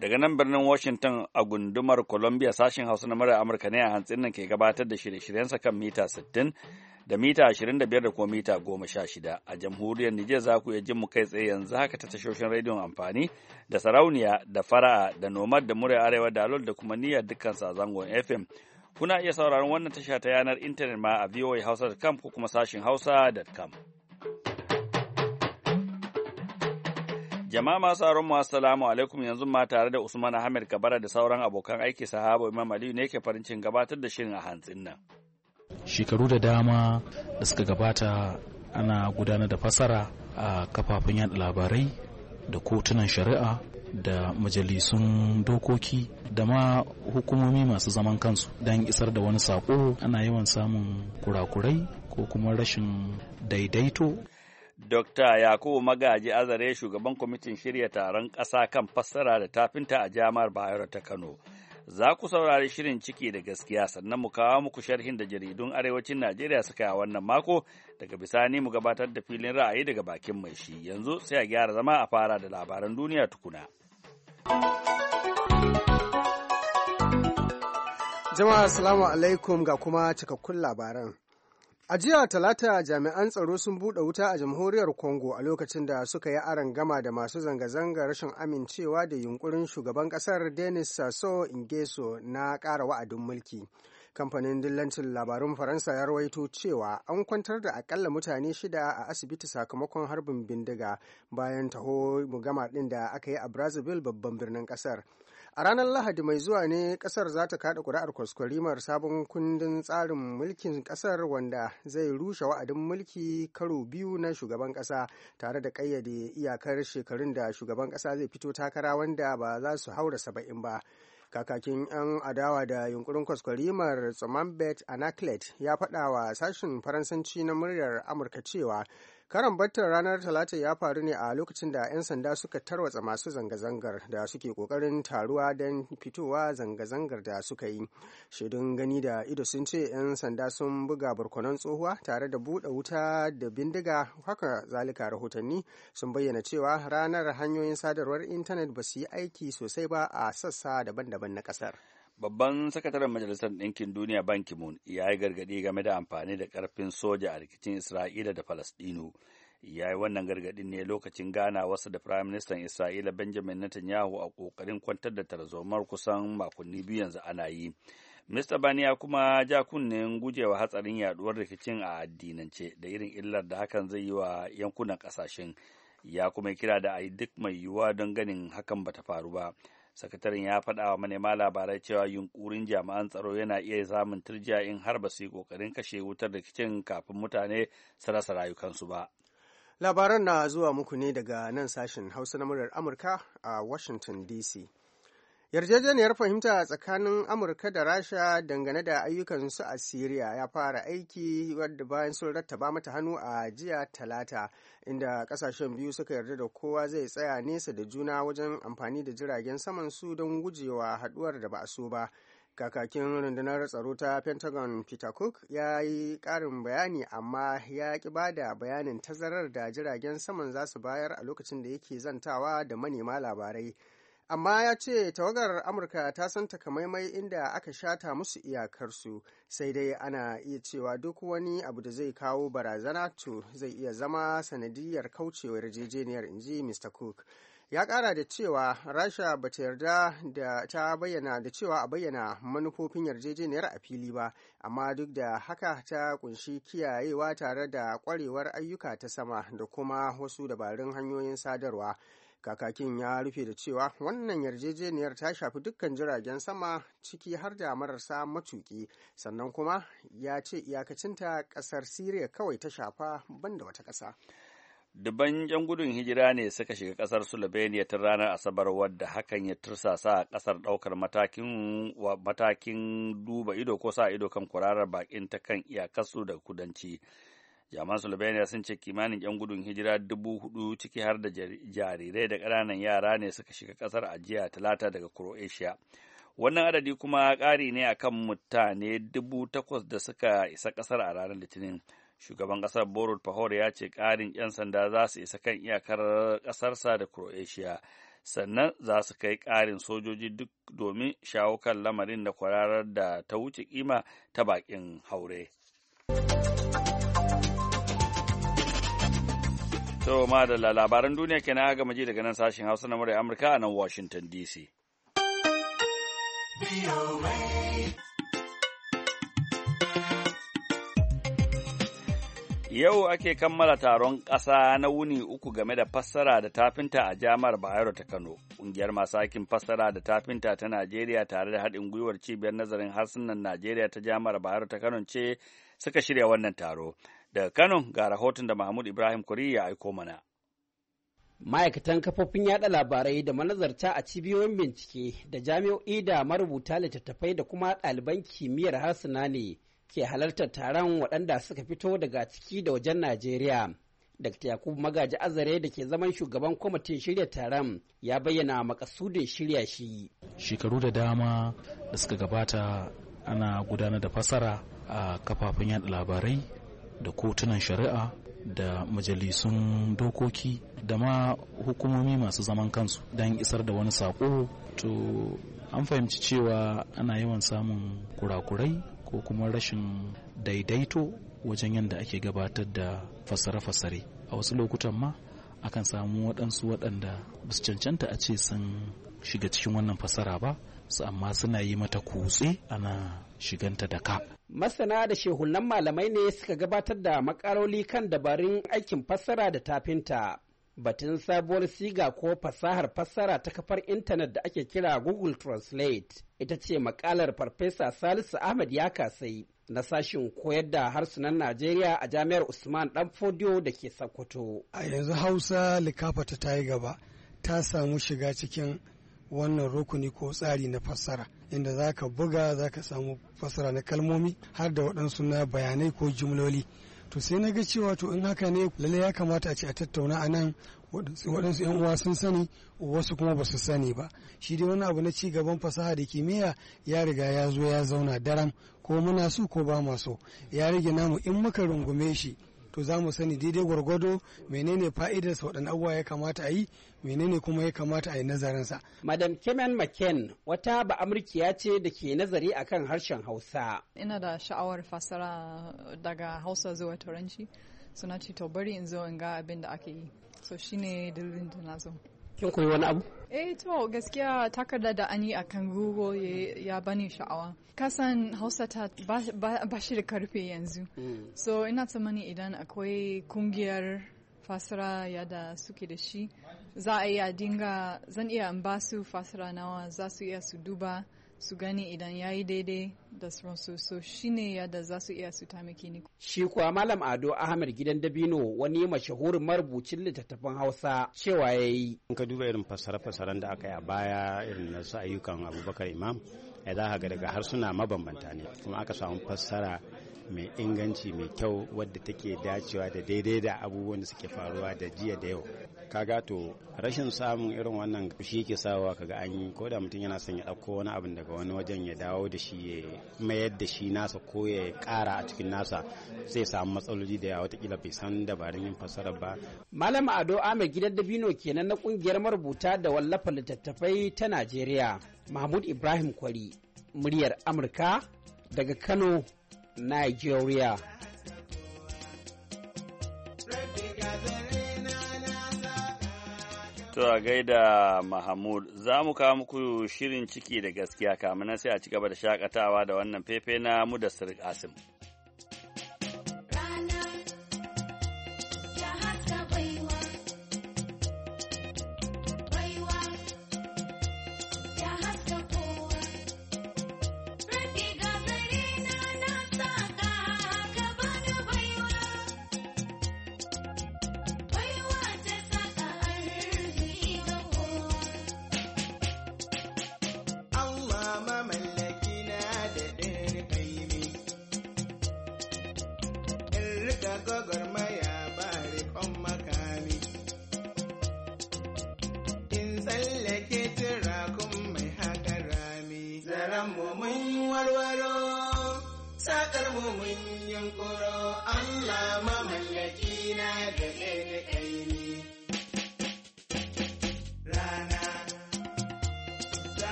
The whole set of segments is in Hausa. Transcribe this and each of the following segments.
Daga nan birnin Washington a gundumar Columbia sashen Hausa na murar Amurka ne a hantsin nan ke gabatar da shirye-shiryensa kan mita 60 da mita 25 da kuma mita 16. A jamhuriyar Nijar za ku iya jin mu kai tsaye yanzu haka ta tashoshin rediyon amfani da sarauniya da fara'a da nomad da murar arewa da alol da kuma niyyar dukkan sa zangon FM. Kuna iya sauraron wannan tasha ta yanar intanet ma a voahausa.com ko kuma sashin hausa.com. Jama'a masu aron mu assalamu alaikum yanzu ma tare da Usman Ahmed Kabara da sauran abokan aiki sahabo Imam Aliyu ne ke farin cikin gabatar da shirin a hantsin nan. Shekaru da dama da suka gabata ana gudanar da fasara a kafafen yada labarai da kotunan shari'a da majalisun dokoki da ma hukumomi masu zaman kansu don isar da wani sako ana yawan samun kurakurai ko kuma rashin daidaito. Dokta Yakubu Magaji Azare shugaban kwamitin shirya taron ƙasa kan fassara da tafinta a jami'ar Bayero ta Kano. Za ku saurari shirin ciki da gaskiya sannan mu kawo muku sharhin da jaridun arewacin Najeriya suka yi wannan mako daga bisani mu gabatar da filin ra'ayi daga bakin mai shi yanzu sai a gyara zama a fara da labaran duniya tukuna. Jama'a salamu alaikum ga kuma cikakkun labaran. A jiya Talata jami'an tsaro sun buɗe wuta a jamhuriyar Congo a lokacin da suka yi aron gama da masu zanga-zanga rashin amincewa da yunkurin shugaban ƙasar Denis Sassou Ingeso na ƙara wa'adin mulki. Kamfanin dillancin labarun Faransa ya rawaito cewa an kwantar da akalla mutane shida a asibiti sakamakon harbin bindiga bayan taho mugama ɗin da aka yi a Brazzaville babban birnin ƙasar. A ranar Lahadi mai zuwa ne kasar za ta kada kuri'ar kwaskwarimar sabon kundin tsarin mulkin kasar wanda zai rushe wa'adin mulki karo biyu na shugaban kasa tare da kayyade iyakar shekarun da shugaban kasa zai fito takara wanda ba za su haura saba'in ba. kakakin 'yan adawa da yunkurin kwaskwarimar tsamambet anaclet ya faɗa wa sashen faransanci na muryar amurka cewa Karan battar ranar Talata ya faru ne a lokacin da 'yan sanda suka tarwatsa masu zanga-zangar da suke kokarin taruwa don fitowa zanga-zangar da suka yi. Shaidun gani da ido sun ce 'yan sanda sun buga barkonon tsohuwa tare da buɗe wuta da bindiga haka zalika rahotanni sun bayyana cewa ranar hanyoyin sadarwar intanet ba su yi aiki sosai ba a sassa daban-daban na ƙasar. Babban sakataren Majalisar Ɗinkin Duniya Ban Ki-moon ya yi gargaɗi game da amfani da ƙarfin soja a rikicin Isra'ila da Falasɗinu. Ya yi wannan gargaɗin ne lokacin gana wasu da Firayim Ministan Isra'ila Benjamin Netanyahu a ƙoƙarin kwantar da tarzomar kusan makonni biyu yanzu ana yi. Mista Bani ya kuma ja kunnen gujewa hatsarin yaduwar rikicin a addinance da irin illar da hakan zai yi wa yankunan ƙasashen. Ya kuma kira da a yi duk mai yiwuwa don ganin hakan bata faru ba. sakataren ya faɗa wa manema labarai cewa yunkurin jami'an tsaro yana iya samun turjiya in har ba su yi ƙoƙarin kashe wutar rikicin kafin mutane su rasa rayukansu ba labaran na zuwa muku ne daga nan sashen hausa na muryar amurka a washington dc Yarjejeniyar fahimta tsakanin Amurka da Rasha dangane da ayyukan su a Siriya ya fara aiki wadda bayan sun rattaba mata hannu a jiya talata inda kasashen biyu suka yarda da kowa zai tsaya nesa da juna wajen amfani da jiragen saman su don gujewa haduwar da ba a so ba. kakakin rundunar tsaro ta pentagon peter cook ya yi karin bayani amma ya ki bada bayanin tazarar da jiragen saman za su bayar a lokacin da yake zantawa da manema labarai amma ya ce tawagar amurka ta san takamaimai inda aka shata musu iyakarsu sai dai ana iya cewa duk wani abu da zai kawo barazana to zai iya zama sanadiyar kaucewa yarjejeniyar inji mr cook ya kara da cewa rasha ba ta yarda da ta bayyana da cewa a bayyana manufofin yarjejeniyar a fili ba amma duk da haka ta kunshi kiyayewa tare da kwarewar ayyuka ta sama da kuma wasu dabarun hanyoyin sadarwa kakakin ya rufe da cewa wannan yarjejeniyar ta shafi dukkan jiragen sama ciki har da marasa matuki sannan kuma ya ce iyakacinta kasar siriya kawai ta shafa banda wata ƙasa. dubban 'yan gudun hijira ne suka shiga ƙasar Slovenia ta ranar Asabar wadda hakan ya tursasa a kasar ɗaukar matakin, matakin duba ido ko sa ido kan kwararar bakin ta kan iyakarsu da kudanci. jaman slovenia sun ce kimanin 'yan gudun hijira dubu hudu ciki har da jarirai da ƙananan yara ne suka shiga ƙasar a talata daga croatia wannan adadi kuma ƙari ne akan mutane dubu takwas da suka isa ƙasar a ranar litinin shugaban ƙasar borut pahor ya ce ƙarin 'yan sanda za su isa kan iyakar ƙasarsa da croatia sannan za su kai ƙarin sojoji duk domin shawo kan lamarin da kwararar da ta wuce kima ta bakin haure. So, ma da labaran duniya ke na gama ji daga nan sashen Hausa na murai Amurka a nan Washington DC. Yau ake kammala taron ƙasa na wuni uku game da fassara da tafinta a jami'ar Bayero ta Kano. Ƙungiyar masu aikin fassara da tafinta ta Najeriya tare da haɗin gwiwar cibiyar nazarin harsunan Najeriya ta jami'ar Bayero ta Kano ce suka shirya wannan taro. Daga Kano ga rahoton da Mahmud Ibrahim Kuri ya aiko mana. Ma'aikatan kafofin yada labarai da manazarta a cibiyoyin bincike da jami'o'i da marubuta littattafai da kuma ɗaliban kimiyyar harsuna ne ke halartar taron waɗanda suka fito daga ciki da wajen Najeriya. Dr. Yakubu Magaji Azare da ke zaman shugaban kwamitin shirya taron ya bayyana makasudin shirya shi. Shekaru da dama da suka gabata ana gudanar da fasara a kafafen yada labarai da kotunan shari'a da majalisun dokoki da ma hukumomi masu zaman kansu don isar da wani sako to an fahimci cewa ana yawan samun kurakurai ko kuma rashin daidaito wajen yadda ake gabatar da fasare-fasare a wasu lokutan ma akan samu waɗansu waɗanda ba su cancanta a ce sun shiga cikin wannan fasara ba su amma suna yi mata kutse ana shiganta da ka Masana da shehunan malamai ne suka gabatar da makaroli kan dabarun aikin fassara da tafinta. Batun sabuwar siga ko fasahar fassara ta kafar intanet da ake kira Google Translate ita ce makalar Farfesa Salisu Ahmad ya kasai na sashin koyar da harsunan Najeriya a Jami'ar Usman Fodiyo da ke Sokoto. A yanzu Hausa likafata ta yi gaba ta samu shiga cikin wannan rukuni ko tsari na fassara. inda za ka buga za ka samu fasara na kalmomi har da waɗansu na bayanai ko jimloli to sai na ga cewa to in haka ne lalle ya kamata a ce a tattauna a nan waɗansu yan uwa sun sani wasu kuma ba su sani ba shi dai wani abu na ci gaban fasaha da kimiyya ya riga ya zo ya zauna daram ko muna so ko ba ma so ya rage namu in muka rungume shi to za mu sani daidai gwargwado menene fa'idar sa waɗannan abubuwa ya kamata a yi menene kuma ya kamata a yi nazarin sa. Madam Kemen maken wata ba Amurkiya ce da ke nazari akan harshen Hausa. Ina da sha'awar fasara daga Hausa zuwa Turanci. Suna ce to bari in zo in ga abin da aka yi. So shine dalilin da na zo. kin koyi wani abu eh to gaskiya takarda da ani a kan google ya bani sha'awa kasan hausa ta ba shi da karfe yanzu hmm. so ina tsammani idan akwai kungiyar fasara ya da suke da shi za a iya dinga zan iya in ba su fasara nawa za su iya su duba su gani idan ya yi daidai da sauransu so shine yadda za su iya su tamaki ni. Shi kuwa Malam Ado Ahmed Gidan Dabino wani mashahurin marubucin littattafan Hausa cewa ya yi. In ka duba irin fasare-fasaren da aka yi a baya irin na su ayyukan Abubakar Imam ya za ga daga harsuna mabambanta ne kuma aka samu fassara mai inganci mai kyau wadda take dacewa da daidai da abubuwan da suke faruwa da jiya da yau kaga to rashin samun irin wannan shi yake sawa kaga an yi ko da mutum yana son ya ɗauko wani abin daga wani wajen ya dawo da shi ya mayar da shi nasa ko ya ƙara a cikin nasa zai samu matsaloli da yawa watakila bai san dabarun yin fassara ba. Malam Ado amir Gidan Dabino kenan na kungiyar marubuta da wallafa littattafai ta Najeriya Mahmud Ibrahim Kwari muryar Amurka daga Kano, Nigeria. To a gaida Mahmud za mu kawo muku shirin ciki da gaskiya kamun sai a ci gaba da shakatawa da wannan fefe na mu da Asim.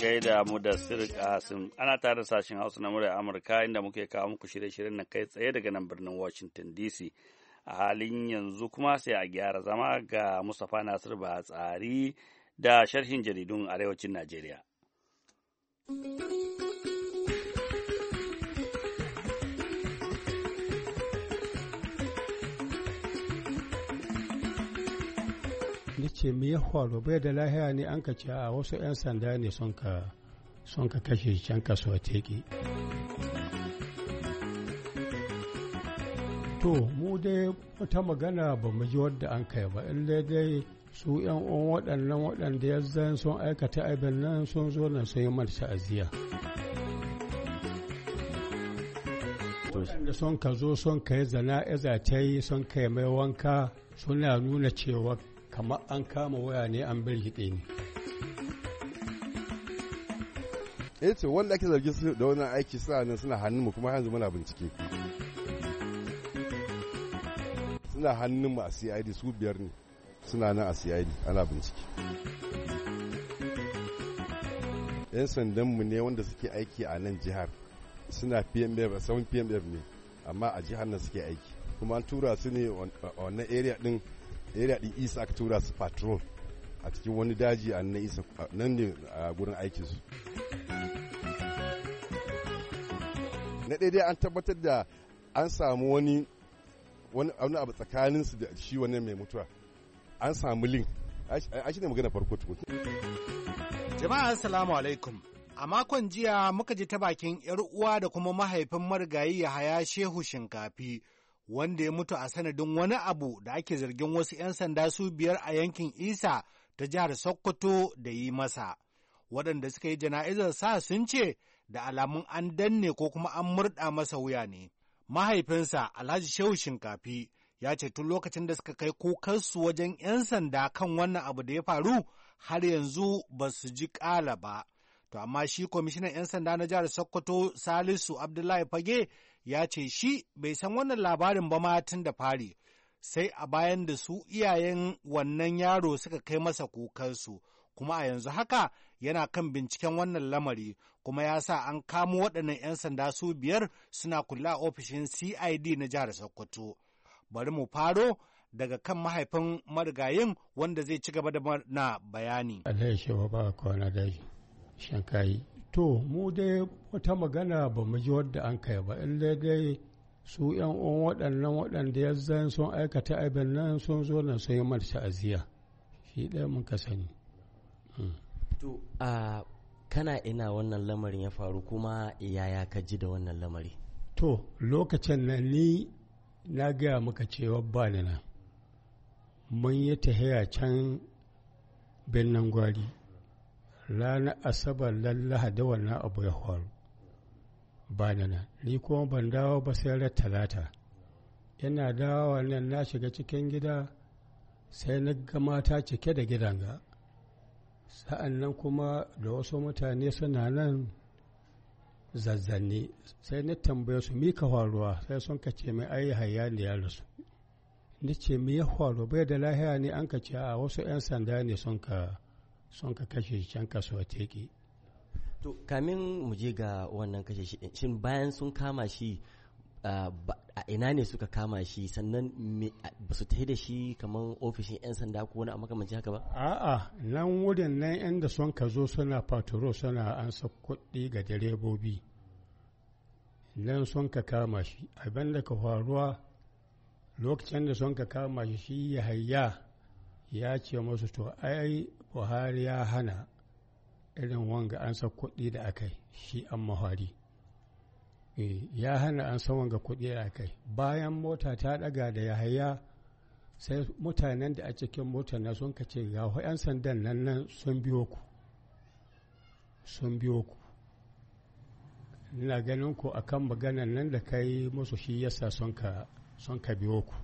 gaida mu da sirka hasim ana tare sashen hausa na murar amurka inda muke kawo muku shirye-shiryen na kai tsaye daga nan birnin washington dc a halin yanzu kuma sai a gyara zama ga mustapha nasir ba tsari da sharhin jaridun arewacin najeriya ya ce me ya faru bai da lahiya ne an ka ce a wasu 'yan sanda ne sun ka kashe can kasuwa teki to mu dai wata magana ba mu ji wadda an kai ba in dai su 'yan uwan waɗannan waɗanda ya zan sun aikata abin nan sun zo nan sun yi mata ta'aziyya waɗanda sun ka zo sun kai zana son sun kai mai wanka suna nuna cewa kamar an kama waya ne an bar birgiɗe ne eh ce wanda ake zargi su da wannan aiki suna nan suna hannun mu kuma yanzu muna bincike suna hannun mu a CID su biyar ne suna nan a CID ana bincike yan sandan mu ne wanda suke aiki a nan jihar suna PMF saman PMF ne amma a jihar nan suke aiki kuma an tura su ne wannan area din area din isa aka tura su patrol a cikin wani daji a nan isa nan ne a gurin aikin su na daidai an tabbatar da an samu wani wani abu tsakanin su da shi wannan mai mutuwa an samu link a shi ne magana farko tukun jama'a assalamu alaikum A makon jiya muka ji ta bakin ‘yar uwa da kuma mahaifin marigayi haya Shehu Shinkafi wanda ya mutu a sanadin wani abu da ake zargin wasu 'yan sanda su biyar a yankin isa ta jihar sokoto da yi masa waɗanda suka yi jana'izar sa sun ce da alamun an danne ko kuma an murɗa masa wuya ne mahaifinsa alhaji shehu shinkafi ya ce tun lokacin da suka kai kokarsu wajen 'yan sanda kan wannan abu da ya faru har yanzu ba su ji ƙala ba. To amma shi kwamishinan 'yan sanda na jihar Sokoto Salisu Abdullahi Fage ya ce shi bai san wannan labarin ba ma tun da fari sai a bayan da su iyayen wannan yaro suka kai masa kokansu kuma a yanzu haka yana kan binciken wannan lamari kuma ya sa an kamo waɗannan 'yan sanda su biyar suna kula ofishin cid na jihar sokoto bari mu faro daga kan mahaifin marigayin wanda zai ci gaba da na bayani To, mu dai wata magana ba mu ji wadda an kai ba, in dai su ‘yan uwan waɗannan waɗanda ya zan sun aikata abin nan sun zo nan sun yi mata ta'aziyya. Shi ɗaya mun ka sani. Mm. To, a kana ina wannan lamarin ya faru kuma yaya ka ji da wannan lamari? To, lokacin nan ni na gaya maka cewa ba ni nan. Mun yi tahiya can birnin gwari. ranar asabar lallaha da wannan abu ya faru ba da nan ni kuma ban dawo ba sai ran talata yana dawowa nan na shiga cikin gida sai na ga mata cike da gidan ga sa'an nan kuma da wasu mutane suna nan zazzanni sai na tambaye su mika faruwa sai sun kace mai ayi hayya ne ya rasu ni ce mai ya faru bai da lahiya ne an ka ce a wasu 'yan sanda ne sun ka son ka kashe shi can a teki to kamin mu je ga wannan kashe shi shin bayan sun kama shi a ina ne suka kama shi sannan ba su da shi kamar ofishin 'yan sanda ko wani makamanci haka ba? a'a nan wurin nan 'yan da son ka zo suna faturo suna ansa kuɗi ga direbobi nan son ka kama shi abin da ka faruwa lokacin da son ka kama shi shi ya hayya ya ce masu to ai buhari ya hana irin wanga an sa kuɗi da aka yi shi an mahari eh, ya hana an san wanga kuɗi da aka yi bayan mota ta ɗaga da yahaya sai mutanen da a cikin mota na sun kace ga 'yan sandan nan nan sun biyo ku sun biyo ku ina ganin ku akan maganan nan da kai musu shi yasa sun ka biyo ku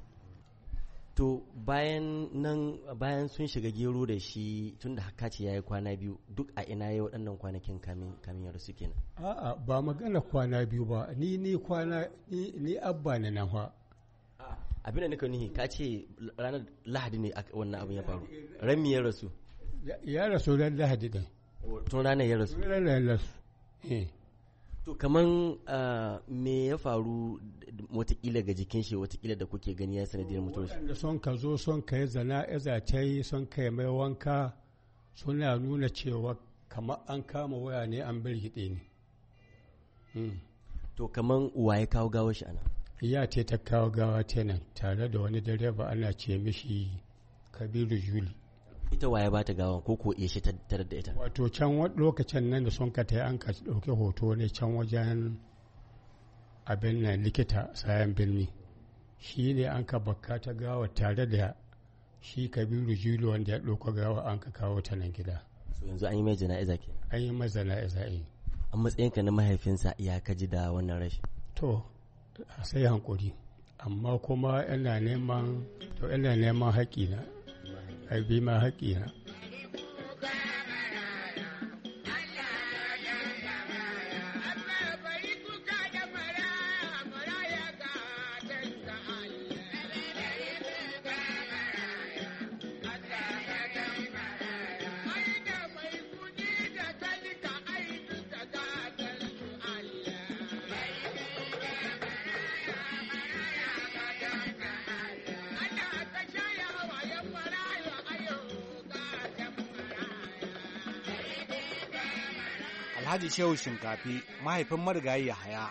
to bayan nan bayan sun shiga gero da shi tun da haka ce ya yi kwana biyu duk a ina yayi waɗannan kwanakin kamin kamin yaro suke nan a'a ba magana kwana biyu ba ni ni kwana ni, ni abba na nan fa abin da nika nihi ka ce ranar lahadi ne wannan abin ya faru rami ya rasu ya rasu ran lahadi din tun ranar ya rasu ranar ya rasu eh to kaman ah, me ya faru watakila ga jikin shi watakila da kuke gani ya sanadiyar mutuwar shi Wanda son ka zo son ka yi zana ya son ka yi mai wanka suna nuna cewa kamar an kama waya ne an bar hiɗe ne hmm. to kaman wa ya kawo gawa shi ana ya ta kawo gawa ta tare da wani direba ana ce mishi kabiru juli ita waye ba ta gawan ko ko iya shi ta tarar da ita wato can lokacin nan da sun ka ta an ka dauke hoto ne can wajen abin nan likita sayan birni shi ne an ka bakka ta gawa tare da shi kabiru jilo wanda ya dauka gawa an ka kawo ta nan gida yanzu an yi mai jana'iza ke an yi mai jana'iza yi eh. a matsayinka na mahaifinsa ya ka ji da wannan rashi to sai hankuri amma kuma yana neman to yana neman haƙƙina Abi bi ma haƙƙina Alhaji Shehu Shinkafi mahaifin marigayi Yahaya.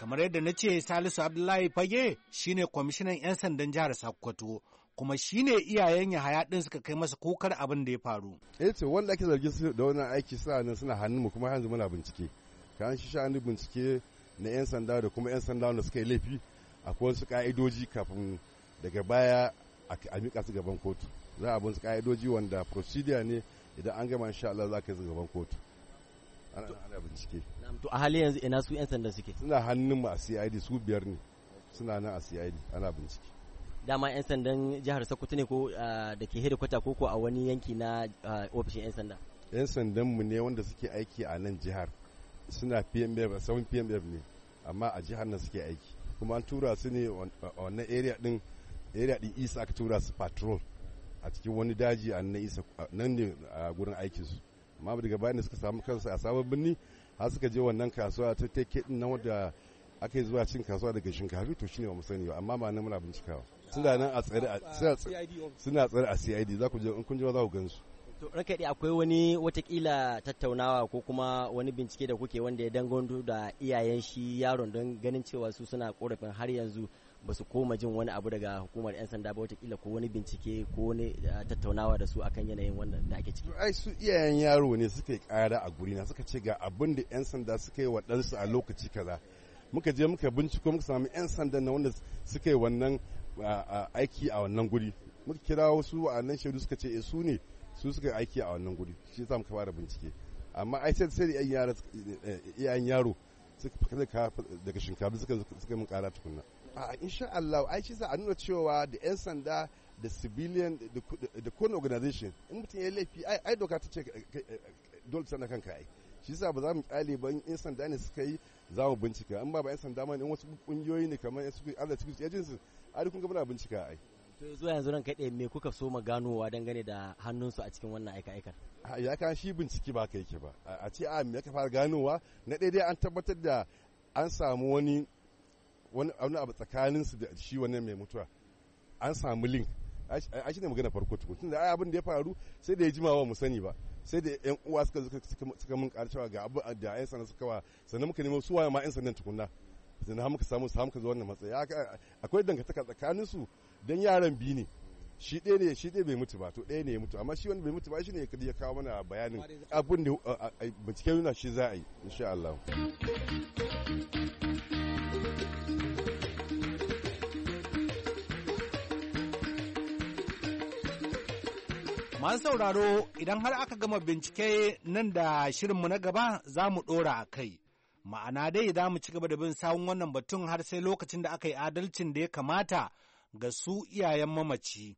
Kamar yadda na ce Salisu Abdullahi Fage shine kwamishinan 'yan sandan jihar Sokoto kuma shine iyayen Yahaya din suka kai masa kokar abin da ya faru. Eh to wanda ake zargi da wannan aiki suna nan suna hannun kuma yanzu muna bincike. ka an shisha an bincike na 'yan sanda da kuma 'yan sanda wanda suka yi laifi akwai wasu ka'idoji kafin daga baya a mika su gaban kotu. Za a bin su ka'idoji wanda procedure ne idan an gama insha Allah za kai su gaban kotu. ana bincike to a hali yanzu ina su 'yan sanda suke suna hannun mu a cid su biyar ne suna nan a cid ana bincike dama 'yan sandan jihar sokoto ne ko da ke hedikwata ko ko a wani yanki na ofishin 'yan sanda 'yan sandan mu ne wanda suke aiki a nan jihar suna pmf sauran pmf ne amma a jihar nan suke aiki kuma an tura su ne wannan area din area din isa aka tura su patrol a cikin wani daji a nan nan ne a gurin aikinsu amma daga bayan da suka samu kansu a sabon birni har suka je wannan kasuwa ta take din nan wadda ake zuwa cin kasuwa daga shinkafi to shine ba mu sani ba amma ba nan muna bincikawa suna nan a tsare a suna tsare a CID za ku je in kun je za ku gansu to ranka dai akwai wani watakila tattaunawa ko kuma wani bincike da kuke wanda ya danganto da iyayen shi yaron don ganin cewa su suna korafin har yanzu ba su koma jin wani abu daga hukumar 'yan sanda ba kila ko wani bincike ko wani ah, tattaunawa da su akan yanayin wannan da ake ciki. ai su iyayen yaro ne suka yi kara a guri na suka ce ga abin da 'yan sanda suka yi wa ɗansu a lokaci kaza muka je muka binciko muka sami 'yan sanda na wanda suka yi wannan ah, ah, aiki a wannan guri muka kira wasu a nan shaidu suka ce eh, su ne su suka yi aiki a wannan guri shi yasa muka fara bincike amma ai sai sai eh, iyayen yaro suka daga shinkafa suka min kara tukunna. a ah, insha Allah ai shi za a nuna cewa da 'yan sanda da civilian da kone organization in mutum ya laifi ai doka ta ce eh, eh, eh, dole sanda kanka ai shi sa ba za mu kyale ba in sanda ne suka yi za mu bincika an ba ba yan sanda ma ne wasu kungiyoyi ne kamar yan sukuyi Allah cikin agency ai kun ga muna bincika ai to yanzu yanzu ran kaɗe me kuka so ma ganowa dangane da hannunsu a cikin wannan aika aikar ah, ya kan shi bincike ba ka ke ba a ce a me ka fara ganowa na dai an tabbatar da an samu wani wani abu tsakanin su da shi wannan mai mutuwa an samu link a shi ne magana farko tukun tunda ai abin da ya faru sai da ya jima wa mu sani ba sai da yan uwa suka suka mun karcewa ga abu da yan sanan suka wa sannan muka nemo su waye ma yan sanan tukunna na muka samu samu ka zo wannan matsayi akwai dangantaka tsakanin su dan yaran biyu ne shi ɗaya ne shi ɗaya bai mutu ba to ɗaya ne ya mutu amma shi wanda bai mutu ba shi ne ya kawo mana bayanin abin da binciken nuna shi za a yi insha Allah. Masu sauraro idan har aka gama bincike nan da shirinmu na gaba za mu ɗora a kai. Ma'ana dai za mu ci gaba da bin sawun wannan batun har sai lokacin da aka yi adalcin da ya kamata ga su iyayen mamaci.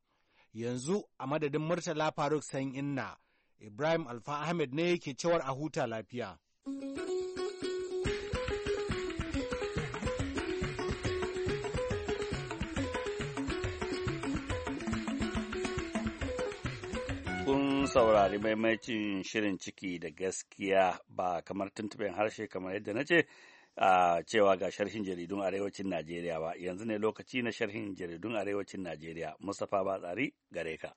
Yanzu a madadin Murtala Faruk San Inna, Ibrahim Alfa Ahmed ne yake cewar a huta lafiya. saurari maimacin shirin ciki da gaskiya ba kamar tuntuɓen harshe kamar yadda na ce a cewa ga sharhin jaridun arewacin Najeriya ba yanzu ne lokaci na sharhin jaridun arewacin Najeriya Mustapha Batsari gare ka.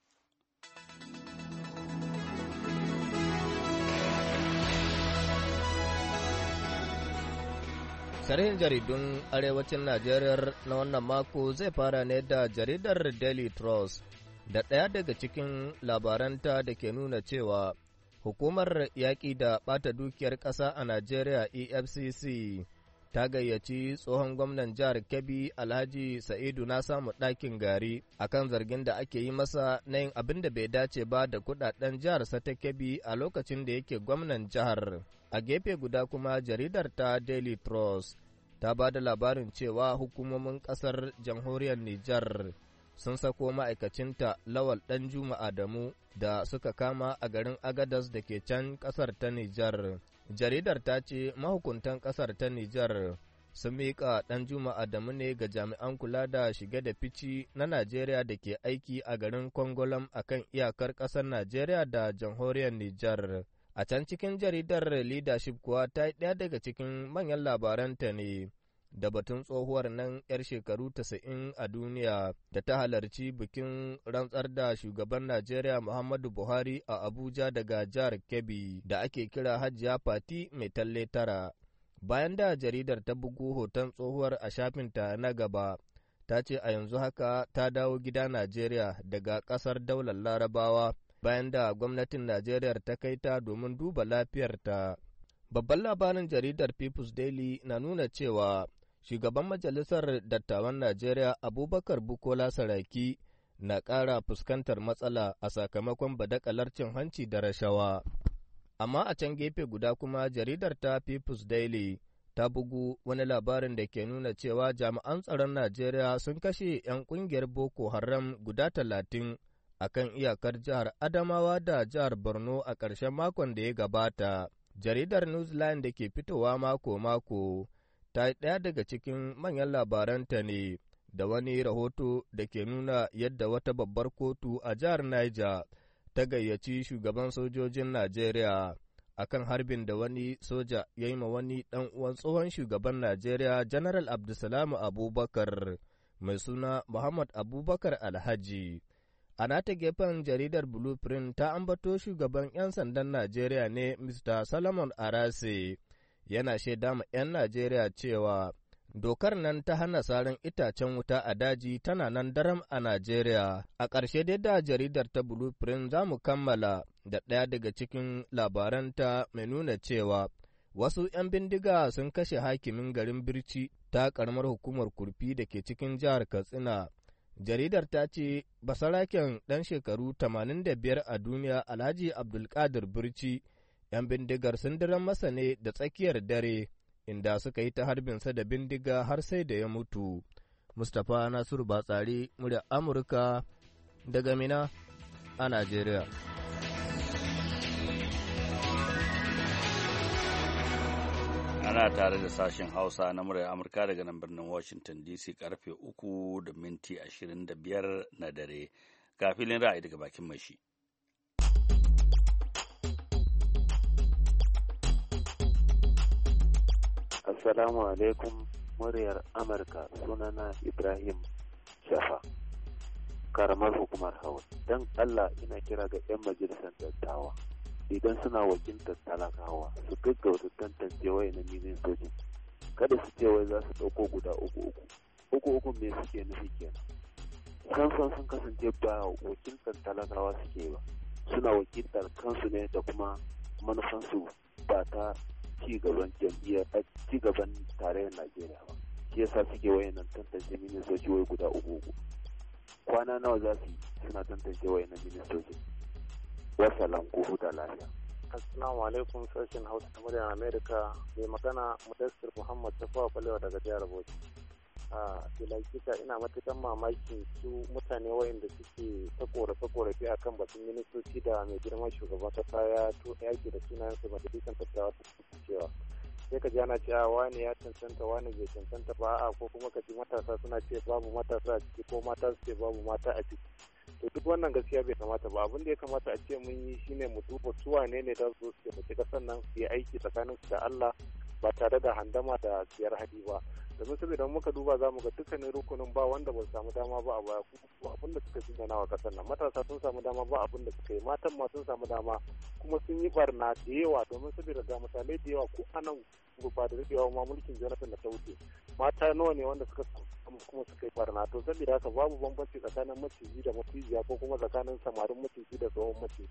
Sharhin jaridun arewacin Najeriya na wannan mako zai fara ne da jaridar Daily Trust da ɗaya daga cikin labaranta da ke nuna cewa hukumar yaƙi da ɓata dukiyar ƙasa a Najeriya EFCC ta gayyaci tsohon gwamnan jihar Kebbi Alhaji Sa'idu na samu ɗakin gari a kan zargin da ake yi masa na yin abin da bai dace ba da kudaden jihar sa ta Kebbi a lokacin da yake gwamnan jihar. A gefe guda kuma jaridar ta Daily Trust ta ba da labarin cewa hukumomin ƙasar jamhuriyar Nijar sun sako ma'aikacinta Lawal ɗan Juma Adamu da suka kama a garin Agadas da ke can ƙasar ta Nijar. Jaridar ta ce mahukuntan ƙasar ta Nijar sun miƙa ɗan Juma Adamu ne ga jami'an kula da shige da fici na Najeriya da ke aiki a garin Kongolam a kan iyakar ƙasar Najeriya da jamhuriyar Nijar. A can cikin jaridar leadership kuwa ta yi ɗaya daga cikin manyan labaranta ne. da batun tsohuwar nan 'yar shekaru 90 a duniya da ta halarci bikin rantsar da shugaban Najeriya Muhammadu Buhari a Abuja daga jihar Kebbi da ake kira Hajiya Fati mai talle tara. Bayan da jaridar ta bugu hoton tsohuwar a shafinta na gaba, ta ce a yanzu haka ta dawo gida Najeriya daga ƙasar daular Larabawa bayan da gwamnatin Najeriya ta kai ta domin duba lafiyarta. Babban labarin jaridar People's Daily na nuna cewa shugaban majalisar dattawan Najeriya Abubakar Bukola Saraki na ƙara fuskantar matsala a sakamakon badakalar cin hanci da rashawa. Amma a can gefe guda kuma jaridar ta People's Daily ta bugu wani labarin da ke nuna cewa jami'an tsaron Najeriya sun kashe 'yan ƙungiyar Boko Haram guda talatin a kan iyakar jihar Adamawa da jihar Borno a ƙarshen makon da ya gabata. Jaridar Newsline da ke fitowa mako-mako ta ɗaya daga cikin manyan labaranta ne da wani rahoto da ke nuna yadda wata babbar kotu a jihar Niger ta gayyaci shugaban sojojin Najeriya akan harbin da wani soja ya yi ma wani ɗan uwan tsohon shugaban Najeriya General Abdulsalamu Abubakar mai suna Muhammad Abubakar Alhaji. A nata gefen jaridar Blueprint ta ambato shugaban 'yan sandan Najeriya ne Mr. Solomon Arase yana shaida ma 'yan Najeriya cewa dokar nan ta hana saran itacen wuta a daji tana nan daram a Najeriya. A ƙarshe dai da jaridar ta Blueprint za mu kammala da ɗaya daga cikin labaranta mai nuna cewa wasu 'yan bindiga sun kashe hakimin garin Birci ta ƙaramar hukumar kurfi da ke cikin jihar Katsina. Jaridar ta ce basaraken ɗan shekaru 85 a duniya Alhaji Abdulkadir Birci, ‘yan bindigar sun diran masa ne da tsakiyar dare, inda suka yi ta harbin sa da bindiga har sai da ya mutu. Mustapha Nasiru Batsari, murya Amurka daga Mina a nigeria. Ana tare da sashen Hausa na muryar Amurka daga nan birnin Washington DC karfe uku da minti ashirin na dare. Ga filin ra'ayi daga bakin mai shi. Assalamu alaikum muryar Amurka sunana Ibrahim Shafa. Karamar hukumar Hawa. Don Allah ina kira ga 'yan majalisar dattawa. idan suna wakiltar talakawa su gaggauta tantance nizin sojin kada su ce wai za su ɗauko guda uku uku uku uku me suke nufi kenan sansan sun kasance ba wakiltar talakawa suke ba suna wakiltar kansu ne da kuma manufansu ba ta ci gaban jam'iyyar ci gaban tarayyar najeriya ba shi yasa suke wayannan tantance ministoci wai guda uku uku kwana nawa za su yi suna tantance nizin ministoci wasalan ko huta lafiya. Assalamu alaikum sashen Hausa na muryar Amerika mai magana Mudassir Muhammad Tafawa Kwalewa daga jihar Bauchi. A kika ina matukan mamaki su mutane wayanda suke ta korafe-korafe akan batun ministoci da mai girman shugaban kasa ya to yaki da da dukkan tattawa su cewa. sai ka ji ana cewa wani ya cancanta wani bai cancanta ba a ko kuma ka ji matasa suna ce babu matasa a ciki ko mata su ce babu mata a ciki. to duk wannan gaskiya bai kamata ba abin da ya kamata a ce mun yi shine mu duba su wane ne da su su taimaki kasan nan su yi aiki tsakanin su da Allah ba tare da handama da siyar hadi ba domin saboda muka duba za mu ga dukkanin rukunin ba wanda ba su samu dama ba a baya ku abin da suka shigana wa kasan nan matasa sun samu dama ba abin da suka yi matan ma sun samu dama kuma sun yi barna da yawa domin saboda ga misalai da yawa ko anan ba da daɗewa ma mulkin jonathan da ta wuce mata nawa ne wanda suka kuma suka yi barna to saboda haka babu bambanci tsakanin maciji da macijiya ko kuma tsakanin samarin maciji da tsohon maciji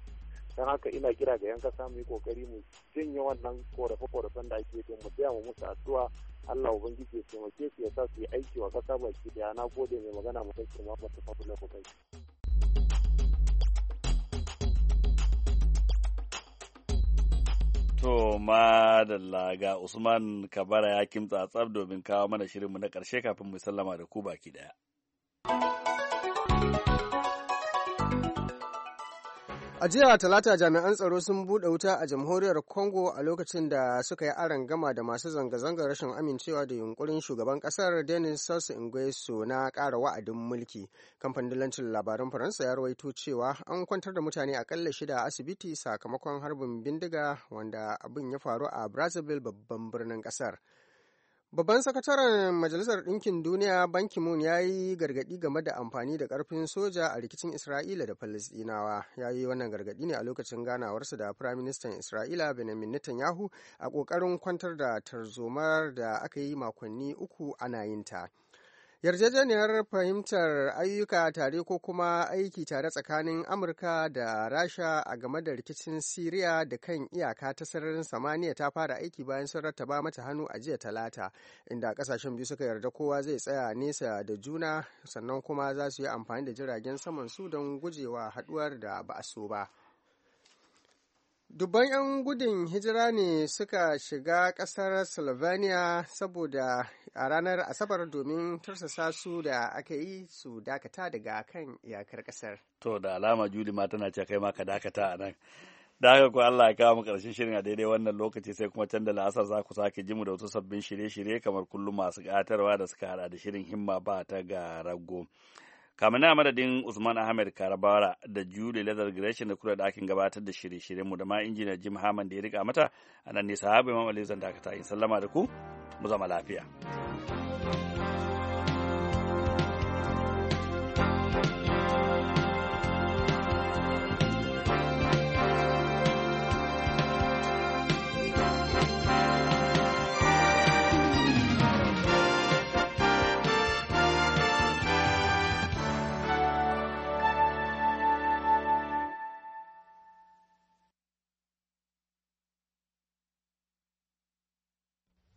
don haka ina kira ga yan kasa mu yi kokari mu janye wannan korafe-korafen da ake yi mu tsaya mu musu addu'a Allah ubangiji ya taimake su ya sa su yi aiki wa kasa baki daya na gode mai magana mu kai kirma ba ta fafi na To madalla ga Usman Kabara ya kimtsa tsaf domin kawo mana shirinmu na ƙarshe kafin mu sallama da ku baki ɗaya. A jiya talata jami'an tsaro sun buɗe wuta a jamhuriyar Congo a lokacin da suka yi aron gama da masu zanga-zangar rashin amincewa da yunkurin shugaban kasar Denis Sassou Nguesso na kara wa'adin mulki. Kamfanin dillancin labaran Faransa ya rawaito cewa an kwantar da mutane akalla shida a asibiti sakamakon harbin bindiga wanda abin ya faru a Brazzaville babban birnin kasar. Babban sakataren Majalisar Ɗinkin Duniya Ban Ki-moon ya yi gargaɗi game da amfani da karfin soja a rikicin Isra'ila da Falasɗinawa. Ya yi wannan gargaɗi ne a lokacin ganawarsa da Firaministan Isra'ila Benjamin Netanyahu a ƙoƙarin kwantar da tarzomar da aka yi makonni uku ana yinta. ta. Yarjejeniyar fahimtar ayyuka tare ko kuma aiki tare tsakanin Amurka da Rasha a game da rikicin Siriya da kan iyaka ta sararin samaniya ta fara aiki bayan sun rattaba mata hannu a jiya talata, inda kasashen biyu suka yarda kowa zai tsaya nesa da juna sannan kuma za su yi amfani da jiragen saman su don gujewa haduwar da ba a so ba. Dubban 'yan gudun hijira ne suka shiga ƙasar Slovenia saboda a ranar Asabar domin tursasa su da aka yi su dakata daga kan iyakar ƙasar. To da alama Juli ma tana ce kai ma ka dakata a nan. da haka ko Allah ya kawo mu karshen shirin a daidai wannan lokaci sai kuma can da la'asar za ku sake ji mu da wasu sabbin shirye-shirye kamar kullum masu ƙatarwa da suka hada da shirin himma ba ta ga rago. kamar na madadin Usman Ahmed Karabara da Julie Leather Gresham da kula da akin gabatar da shirye-shiryenmu da ma injiniya Jim Hammond da ya rika mata a nan ne sahabi Imam zan dakata in sallama da ku mu zama lafiya.